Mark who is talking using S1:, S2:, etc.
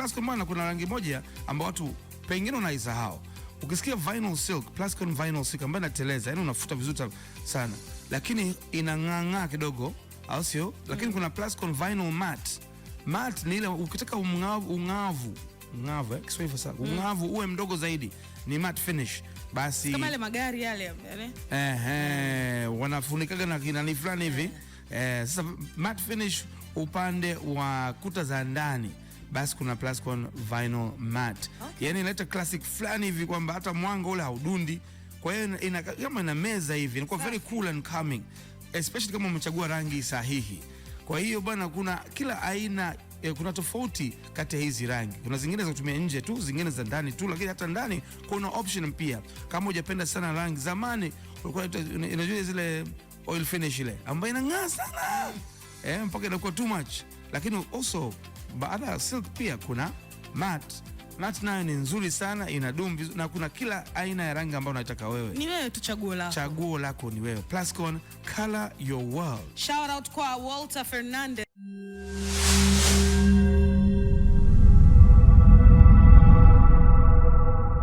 S1: Plascon maana kuna rangi moja ambayo watu pengine unaisahau. Ukisikia vinyl silk, Plascon vinyl silk ambayo inateleza, yani unafuta vizuri sana, lakini inang'aa kidogo, au sio? Lakini mm. kuna Plascon vinyl matte. Matte ni ile ukitaka ung'avu, ung'avu ung'avu, eh, Kiswahili sasa mm. Ung'avu uwe mdogo zaidi ni matte finish. Basi
S2: kama ile magari yale yale,
S1: Eh, ehe, mm. wanafunikaga na kinani fulani hivi eh. eh. Sasa matte finish upande wa kuta za ndani basi kuna Plascon vinyl mat okay. Yani inaleta classic fulani hivi kwamba hata mwanga ule haudundi, kwa hiyo ina kama ina meza hivi inakuwa very cool and calming, especially kama umechagua rangi sahihi. Kwa hiyo bwana, kuna kila aina eh, kuna tofauti kati ya hizi rangi. Kuna zingine za kutumia nje tu, zingine za ndani tu, lakini hata ndani kuna option pia. Kama hujapenda sana rangi, zamani ulikuwa unajua zile oil finish ile ambayo inang'aa sana mm. eh, mpaka inakuwa too much, lakini also baada ya silk pia kuna mat mat nayo ni nzuri sana, inadumu vizuri na kuna kila aina ya rangi ambayo unataka wewe.
S2: Ni wewe tu chaguo lako,
S1: chaguo lako ni wewe. Plascon, color your world.
S2: Shout out kwa Walter Fernandez.